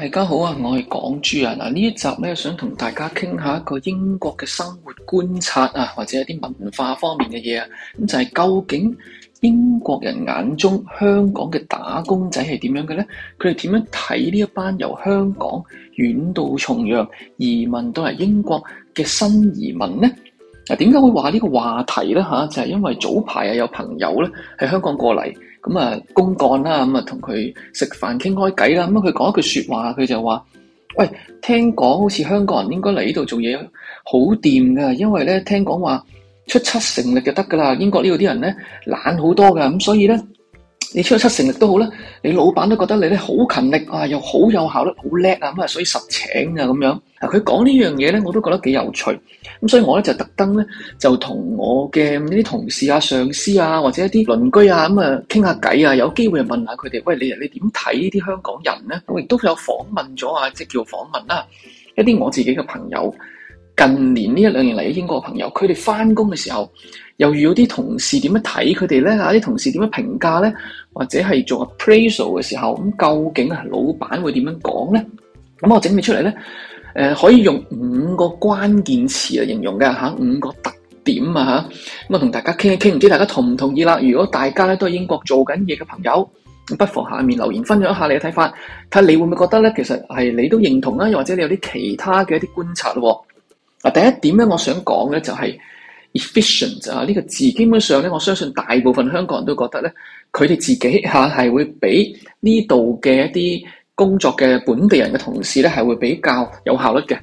大家好啊！我係港豬啊。嗱呢一集咧，想同大家傾下一個英國嘅生活觀察啊，或者一啲文化方面嘅嘢啊，咁就係究竟英國人眼中香港嘅打工仔係點樣嘅咧？佢哋點樣睇呢一班由香港遠渡重洋移民到嚟英國嘅新移民咧？嗱，點解會話呢個話題咧？嚇，就係因為早排啊，有朋友咧喺香港過嚟，咁啊，公幹啦，咁啊，同佢食飯傾開偈啦。咁佢講一句説話，佢就話：喂，聽講好似香港人應該嚟呢度做嘢好掂㗎，因為咧聽講話出七成力就得㗎啦。英國呢度啲人咧懶好多㗎，咁所以咧，你出咗七成力都好啦，你老闆都覺得你咧好勤力啊，又好有效率，好叻啊，咁啊，所以實請㗎咁樣。啊！佢講呢樣嘢咧，我都覺得幾有趣。咁所以我咧就特登咧就同我嘅呢啲同事啊、上司啊，或者一啲鄰居啊咁啊傾下偈啊，有機會問下佢哋：喂，你你點睇呢啲香港人咧？我亦都有訪問咗啊，即叫訪問啦。一啲我自己嘅朋友，近年呢一兩年嚟嘅英國嘅朋友，佢哋翻工嘅時候又遇到啲同事點樣睇佢哋咧？啊，啲同事點樣評價咧？或者係做 appraisal 嘅時候，咁究竟係老闆會點樣講咧？咁我整理出嚟咧。誒、呃、可以用五個關鍵詞嚟形容嘅嚇、啊，五個特點啊嚇，咁啊同大家傾一傾，唔知大家同唔同意啦？如果大家咧都喺英國做緊嘢嘅朋友，不妨下面留言分享一下你嘅睇法，睇下你會唔會覺得咧，其實係你都認同啊，又或者你有啲其他嘅一啲觀察喎？啊，第一點咧，我想講咧就係、是、efficient 啊，呢個字基本上咧，我相信大部分香港人都覺得咧，佢哋自己嚇係、啊、會畀呢度嘅一啲。工作嘅本地人嘅同事咧，係會比較有效率嘅。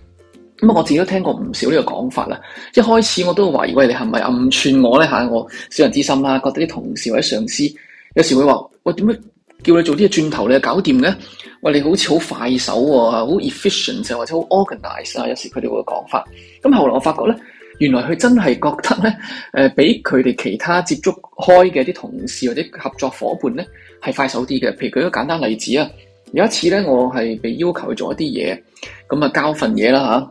咁啊，我自己都聽過唔少呢個講法啦。一開始我都懷疑，喂，你係咪暗串我咧？下，我小人之心啦、啊。覺得啲同事或者上司有時會話，喂，點解叫你做啲嘢轉頭你又搞掂嘅？喂，你好似好快手喎、啊，好 efficient、啊、或者好 organized 啊，有時佢哋會講法。咁後來我發覺咧，原來佢真係覺得咧，誒、呃、比佢哋其他接觸開嘅啲同事或者合作伙伴咧係快手啲嘅。譬如舉一個簡單例子啊。有一次咧，我係被要求做一啲嘢，咁、嗯、啊交份嘢啦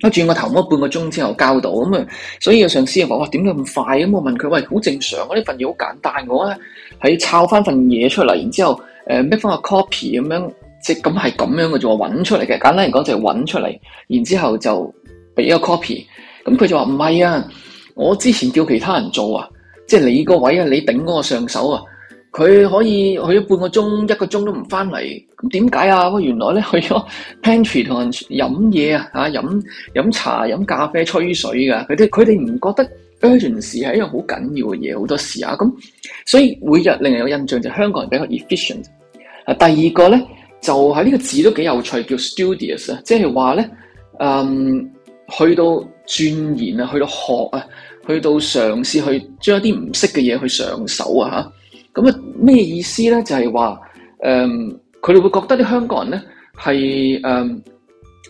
吓，跟住我頭摸半個鐘之後交到，咁、嗯、啊，所以個上司又話：哇，點解咁快？咁、嗯、我問佢：喂，好正常啊，呢份嘢好簡單，我咧係抄翻份嘢出嚟，然之後誒 make 返個 copy 咁樣，即係咁係咁樣嘅，就話揾出嚟嘅。簡單嚟講，就係揾出嚟，然之後就俾個 copy、嗯。咁佢就話唔係啊，我之前叫其他人做啊，即係你個位啊，你頂嗰個上手啊。佢可以去咗半個鐘、一個鐘都唔翻嚟，咁點解啊？我原來咧去咗 pantry 同人飲嘢啊，嚇飲飲茶、飲咖啡、吹水噶。佢哋佢哋唔覺得 urgent 事係一樣好緊要嘅嘢，好多時啊。咁所以每日令人有印象就香港人比較 efficient。啊，第二個咧就係呢個字都幾有趣，叫 studious 啊，即係話咧，嗯，去到鑽研啊，去到學啊，去到嘗試去將一啲唔識嘅嘢去上手啊，嚇。咁啊，咩意思咧？就係話，誒、嗯，佢哋會覺得啲香港人咧係誒，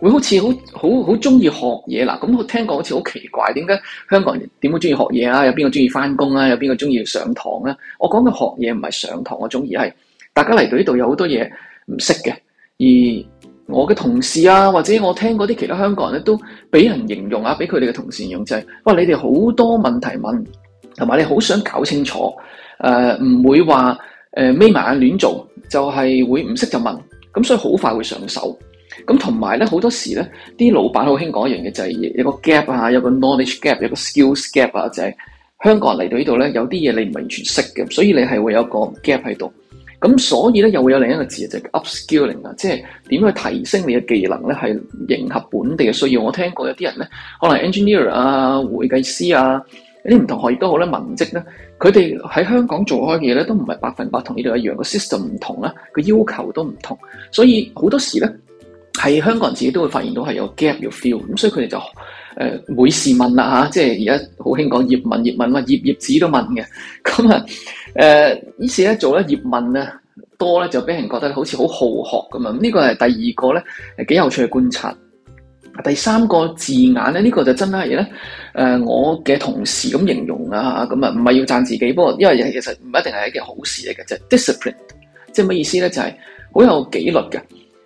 會好似好好好中意學嘢啦。咁我聽講好似好奇怪，點解香港人點會中意學嘢啊？有邊個中意返工啊？有邊個中意上堂啊？我講嘅學嘢唔係上堂，我中意係大家嚟到呢度有好多嘢唔識嘅。而我嘅同事啊，或者我聽嗰啲其他香港人咧、啊，都俾人形容啊，俾佢哋嘅同事用就係，哇！你哋好多問題問，同埋你好想搞清楚。誒、呃、唔會話誒眯埋眼亂做，就係、是、會唔識就問，咁所以好快會上手。咁同埋咧，好多時咧，啲老闆好興講一樣嘢，就係、是、有個 gap 啊，有個 knowledge gap，有個 skills gap 啊，就係香港人嚟到呢度咧，有啲嘢你唔係完全識嘅，所以你係會有個 gap 喺度。咁所以咧，又會有另一個字，就叫 upskilling 啊，即係點去提升你嘅技能咧，係迎合本地嘅需要。我聽過有啲人咧，可能 engineer 啊，會計師啊。啲唔同學業都好咧，文職咧，佢哋喺香港做開嘅嘢咧，都唔係百分百同呢度一樣，個 system 唔同啦，個要求都唔同，所以好多時咧，係香港人自己都會發現到係有 gap 嘅 feel，咁所以佢哋就誒、呃、每事問啦吓，即係而家好興講葉問葉問，話葉葉子都問嘅，咁、嗯、啊、呃、呢於是咧做咧葉問啊多咧就俾人覺得好似好好學咁啊，呢、這個係第二個咧幾有趣嘅觀察。第三個字眼咧，呢、這個就真係咧。誒、呃，我嘅同事咁形容啊，咁、嗯、啊，唔係要讚自己，不過因為其實唔一定係一件好事嚟嘅就啫、是。Discipline 即係咩意思咧？就係、是、好有紀律嘅。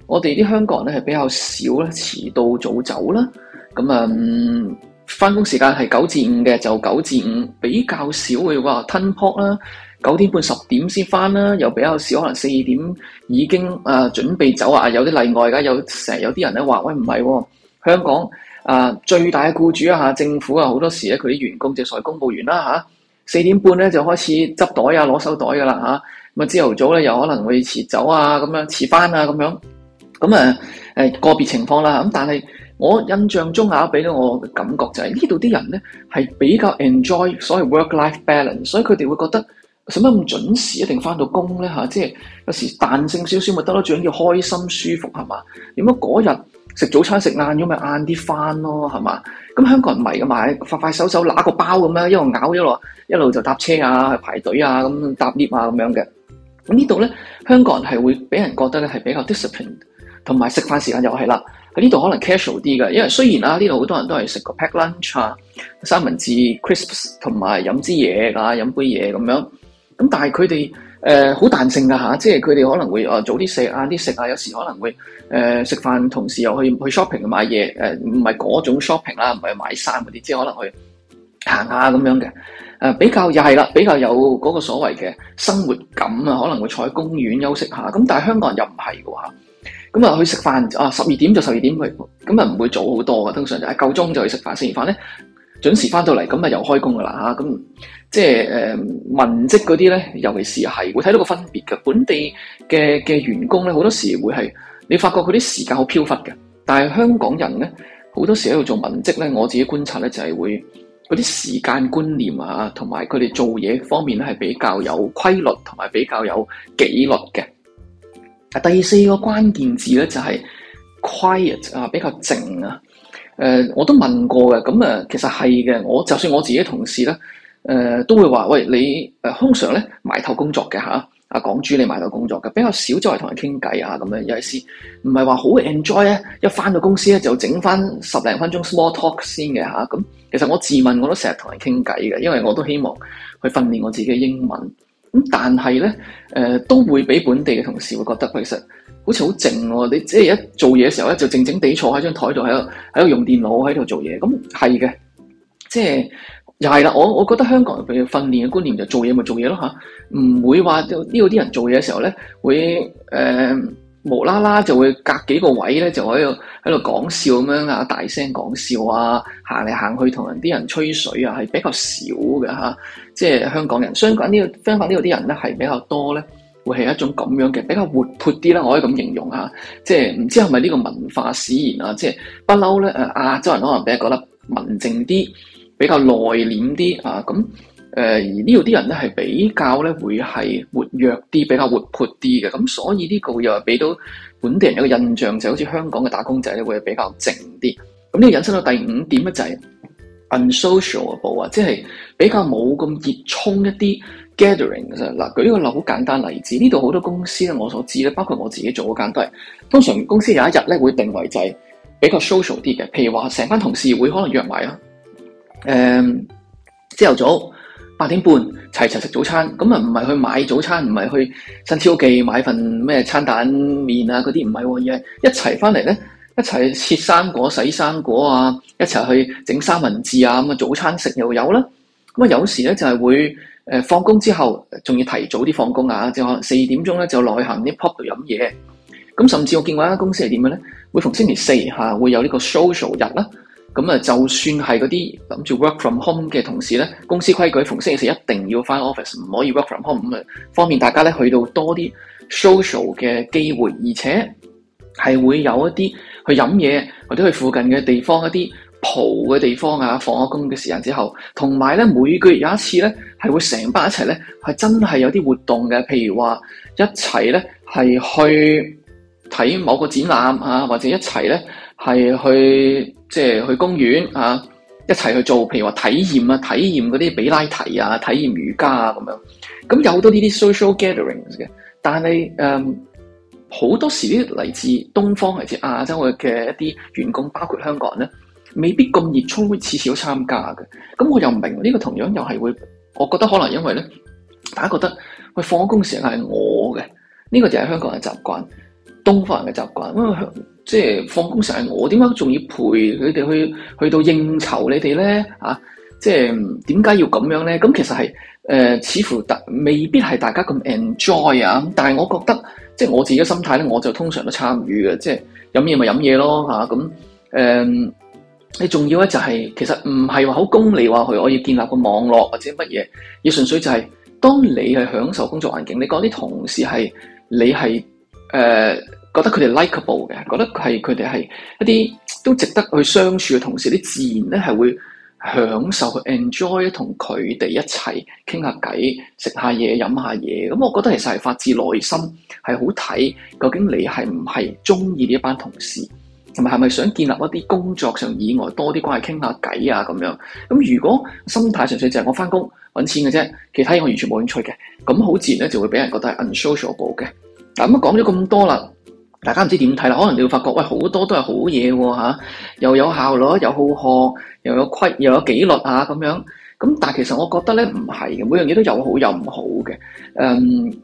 我哋啲香港人咧係比較少咧遲到早走啦。咁、嗯、啊，翻工時間係九至五嘅，就九至五比較少嘅話吞 e 啦，九點半十點先翻啦。又比較少可能四點已經誒、呃、準備走啊。有啲例外㗎，有成日有啲人咧話：喂，唔係、哦。香港啊，最大嘅雇主啊，政府啊，好多時咧，佢啲員工就係所謂公務員啦嚇、啊。四點半咧就開始執袋,袋啊，攞手袋噶啦嚇。咁啊，朝頭早咧又可能會遲走啊，咁樣遲翻啊，咁、啊、樣。咁啊誒個別情況啦。咁、啊、但係我印象中啊，俾到我嘅感覺就係、是、呢度啲人咧係比較 enjoy 所謂 work life balance，所以佢哋會覺得使乜咁準時一定翻到工咧嚇、啊啊？即係有時彈性少少咪得咯，最緊要開心舒服係嘛？點解嗰日？食早餐食晏咗咪晏啲翻咯，係嘛？咁香港人唔係噶嘛，快快手手拿個包咁樣，一路咬一路一路就搭車啊、去排隊啊、咁搭 lift 啊咁樣嘅。咁呢度咧，香港人係會俾人覺得咧係比較 discipline，同埋食飯時間又係啦。喺呢度可能 casual 啲嘅，因為雖然啊，呢度好多人都係食個 pack lunch 啊、三文治、crisps 同埋飲支嘢啊，飲杯嘢咁樣。咁、啊、但係佢哋。誒、呃、好彈性㗎吓、啊，即係佢哋可能會誒早啲食晏啲食啊，有時可能會食、呃、飯同時又去去 shopping 買嘢，唔係嗰種 shopping 啦，唔係買衫嗰啲，即係可能去行下咁樣嘅、啊，比較又係啦，比較有嗰個所謂嘅生活感啊，可能會坐喺公園休息下，咁但係香港人又唔係㗎吓，咁啊去食飯啊十二點就十二點去，咁啊唔會早好多嘅，通常就係夠鐘就去食飯，食完飯咧。準時翻到嚟咁咪又開工噶啦嚇，咁即係誒文職嗰啲咧，尤其是係會睇到個分別嘅本地嘅嘅員工咧，好多時會係你發覺佢啲時間好飄忽嘅，但係香港人咧好多時喺度做文職咧，我自己觀察咧就係會嗰啲時間觀念啊，同埋佢哋做嘢方面咧係比較有規律同埋比較有紀律嘅。第四個關鍵字咧就係 quiet 啊，比較靜啊。誒、呃，我都問過嘅，咁其實係嘅。我就算我自己同事咧，誒、呃，都會話：喂，你誒通常咧埋頭工作嘅嚇，啊，啊港主你埋頭工作嘅，比較少周圍同人傾偈啊咁樣。意思唔係話好 enjoy 咧，一翻到公司咧就整翻十零分鐘 small talk 先嘅嚇。咁、啊嗯、其實我自問我都成日同人傾偈嘅，因為我都希望去訓練我自己嘅英文。咁但係咧，誒、呃、都會俾本地嘅同事會覺得其實。好似好靜喎，你即係一做嘢嘅時候咧，就靜靜地坐喺張台度喺度喺度用電腦喺度做嘢。咁係嘅，即係又係啦。我我覺得香港人譬如訓練嘅觀念，就做嘢咪做嘢咯吓，唔會話呢度啲人做嘢嘅時候咧會誒無啦啦就會隔幾個位咧就喺度喺度講笑咁樣啊，大聲講笑啊，行嚟行去同人啲人吹水啊，係比較少嘅吓，即係香港人，香港呢個相反呢度啲人咧係比較多咧。會係一種咁樣嘅比較活潑啲啦，我可以咁形容吓，即係唔知係咪呢個文化使然啊？即係不嬲咧，誒亞洲人可能比較覺得文靜啲，比較內斂啲啊。咁誒而呢度啲人咧係比較咧會係活躍啲，比較活潑啲嘅。咁所以呢個又係俾到本地人一個印象，就係好似香港嘅打工仔咧會比較靜啲。咁呢個引申到第五點咧就係 unsocial 啊部啊，即係比較冇咁熱衷一啲 gathering 嗱，舉一個好簡單例子，呢度好多公司咧，我所知咧，包括我自己做嗰間都係通常公司有一日咧會定為就係比較 social 啲嘅，譬如話成班同事會可能約埋啦，誒、嗯，朝頭早八點半齊齊食早餐，咁啊唔係去買早餐，唔係去新超記買份咩餐蛋麵啊嗰啲唔係，而係一齊返嚟咧，一齊切生果、洗生果啊，一齊去整三文治啊咁啊，早餐食又有啦。咁啊，有時咧就係、是、會。放工之後仲要提早啲放工啊！可能四點鐘咧就內行啲 pop 度飲嘢。咁甚至我見過一間公司係點嘅咧？每逢星期四嚇、啊、會有呢個 social 日啦。咁啊，就算係嗰啲諗住 work from home 嘅同事咧，公司規矩逢星期四一定要翻 office，唔可以 work from home。咁啊，方便大家咧去到多啲 social 嘅機會，而且係會有一啲去飲嘢或者去附近嘅地方一啲。蒲嘅地方啊，放咗工嘅時間之後，同埋咧每個月有一次咧，係會成班一齊咧，係真係有啲活動嘅。譬如話一齊咧係去睇某個展覽啊，或者一齊咧係去即係、就是、去公園啊，一齊去做。譬如話體驗啊，體驗嗰啲比拉提啊，體驗瑜伽啊咁樣，咁有好多呢啲 social gatherings 嘅，但係誒好多時啲嚟自東方嚟自亞洲嘅一啲員工，包括香港人咧。未必咁熱衷，會次次都參加嘅。咁我又唔明呢、這個，同樣又係會，我覺得可能因為咧，大家覺得佢放工時係我嘅，呢、這個就係香港人嘅習慣，東方人嘅習慣。因為香即係放工時係我，點解仲要陪佢哋去去到應酬你哋咧？啊，即係點解要咁樣咧？咁其實係誒、呃，似乎特未必係大家咁 enjoy 啊。但係我覺得，即、就、係、是、我自己嘅心態咧，我就通常都參與嘅，即係飲嘢咪飲嘢咯嚇。咁、啊、誒。嗯你仲要咧就係、是，其實唔係話好功利話佢我要建立個網絡或者乜嘢，要純粹就係、是、當你係享受工作環境，你嗰啲同事係你係誒覺得佢哋 likeable 嘅，覺得係佢哋係一啲都值得去相處嘅同事，你自然咧係會享受、enjoy 同佢哋一齊傾下偈、食下嘢、飲下嘢。咁我覺得其實係發自內心係好睇，究竟你係唔係中意呢一班同事。同埋係咪想建立一啲工作上以外多啲關係，傾下偈啊咁樣？咁如果心態純粹就係我翻工揾錢嘅啫，其他嘢我完全冇興趣嘅，咁好自然咧就會俾人覺得係 unsociable 嘅。咁啊講咗咁多啦，大家唔知點睇啦？可能你會發覺喂好多都係好嘢吓、啊，又有效率，又好學，又有規，又有紀律啊咁樣。咁但係其實我覺得咧唔係嘅，每樣嘢都有好有唔好嘅。誒、um,。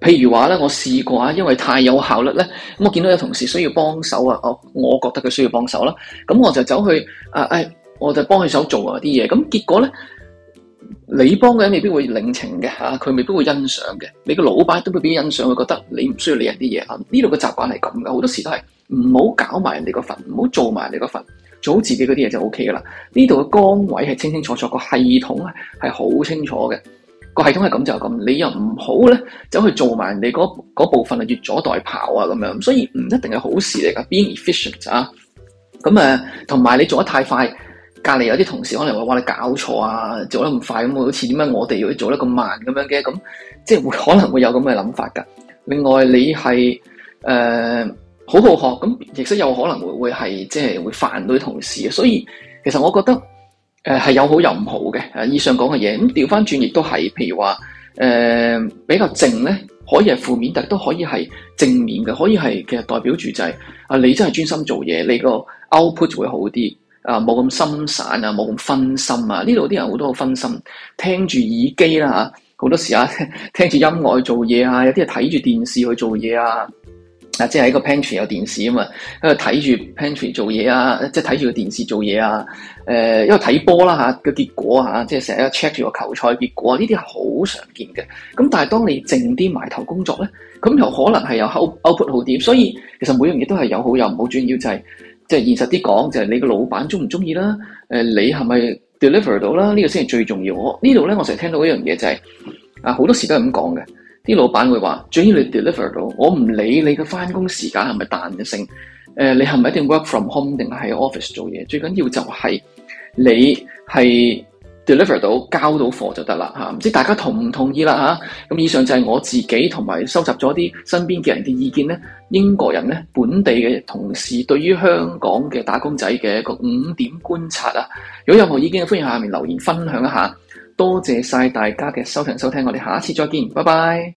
譬如話咧，我試過啊，因為太有效率咧，咁我見到有同事需要幫手啊，我我覺得佢需要幫手啦，咁我就走去啊，誒、哎，我就幫佢手做啊啲嘢，咁結果咧，你幫嘅人未必會領情嘅吓，佢未必會欣賞嘅，你個老闆都未必欣賞，佢覺得你唔需要理人啲嘢啊，呢度嘅習慣係咁嘅，好多時都係唔好搞埋人哋嗰份，唔好做埋人哋嗰份，做好自己嗰啲嘢就 O K 噶啦，呢度嘅崗位係清清楚楚，個系統係好清楚嘅。個系統係咁就咁、是，你又唔好咧走去做埋人哋嗰部分啊，越俎代庖啊咁樣，所以唔一定係好事嚟噶。Being efficient 啊，咁啊，同埋你做得太快，隔籬有啲同事可能話，哇，你搞錯啊，做得咁快，咁好似點解我哋要做得咁慢咁樣嘅？咁即係會可能會有咁嘅諗法噶。另外你是，你係誒好好學，咁亦都有可能會會係即係會煩到啲同事啊。所以其實我覺得。誒、呃，係有好有唔好嘅，誒、啊，以上講嘅嘢，咁調翻轉亦都係，譬如話，誒、呃，比較靜咧，可以係負面，但係都可以係正面嘅，可以係其實代表住就係、是，啊，你真係專心做嘢，你個 output 會好啲，啊，冇咁心散啊，冇咁分心啊，呢度啲人好多個分心，聽住耳機啦，好、啊、多時啊，聽住音樂去做嘢啊，有啲係睇住電視去做嘢啊。啊、即係喺個 pantry 有電視啊嘛，睇住 pantry 做嘢啊，即係睇住個電視做嘢啊。誒、呃，因為睇波啦嚇，個、啊、結果嚇、啊，即係成日 check 住個球賽結果，呢啲係好常見嘅。咁但係當你靜啲埋頭工作咧，咁又可能係有 output 好啲。所以其實每樣嘢都係有好有唔好，主要就係即係現實啲講，就係、是、你個老闆鍾唔鍾意啦。呃、你係咪 deliver 到啦？呢、這個先係最重要。我呢度咧，我成日聽到一樣嘢就係、是、啊，好多時都係咁講嘅。啲老闆會話，總之你 deliver 到，我唔理你嘅翻工時間係咪彈性，誒、呃，你係咪一定 work from home 定係喺 office 做嘢，最緊要就係你係 deliver 到交到貨就得啦嚇。唔、啊、知大家同唔同意啦？咁、啊、以上就係我自己同埋收集咗啲身邊嘅人嘅意見咧。英國人咧，本地嘅同事對於香港嘅打工仔嘅一個五點觀察啊，如果有任何意見，歡迎下面留言分享一下。多謝晒大家嘅收聽收聽，我哋下一次再見，拜拜。